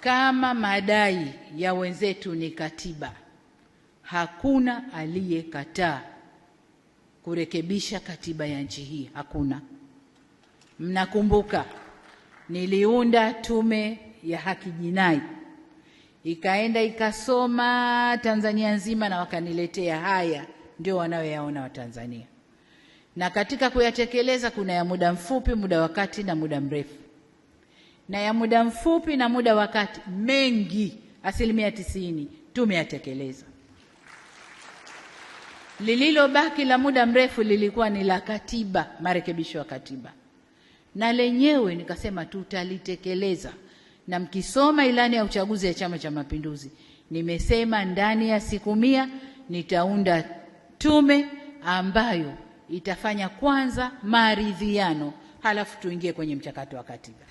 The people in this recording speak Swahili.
Kama madai ya wenzetu ni katiba, hakuna aliyekataa kurekebisha katiba ya nchi hii, hakuna. Mnakumbuka niliunda tume ya haki jinai, ikaenda ikasoma Tanzania nzima na wakaniletea haya ndio wanayoyaona Watanzania, na katika kuyatekeleza kuna ya muda mfupi, muda wa kati na muda mrefu na ya muda mfupi na muda wa kati, mengi asilimia tisini tumeyatekeleza. Lililobaki la muda mrefu lilikuwa ni la katiba, marekebisho ya katiba, na lenyewe nikasema tutalitekeleza. Na mkisoma ilani ya uchaguzi ya Chama cha Mapinduzi, nimesema ndani ya siku mia nitaunda tume ambayo itafanya kwanza maridhiano, halafu tuingie kwenye mchakato wa katiba.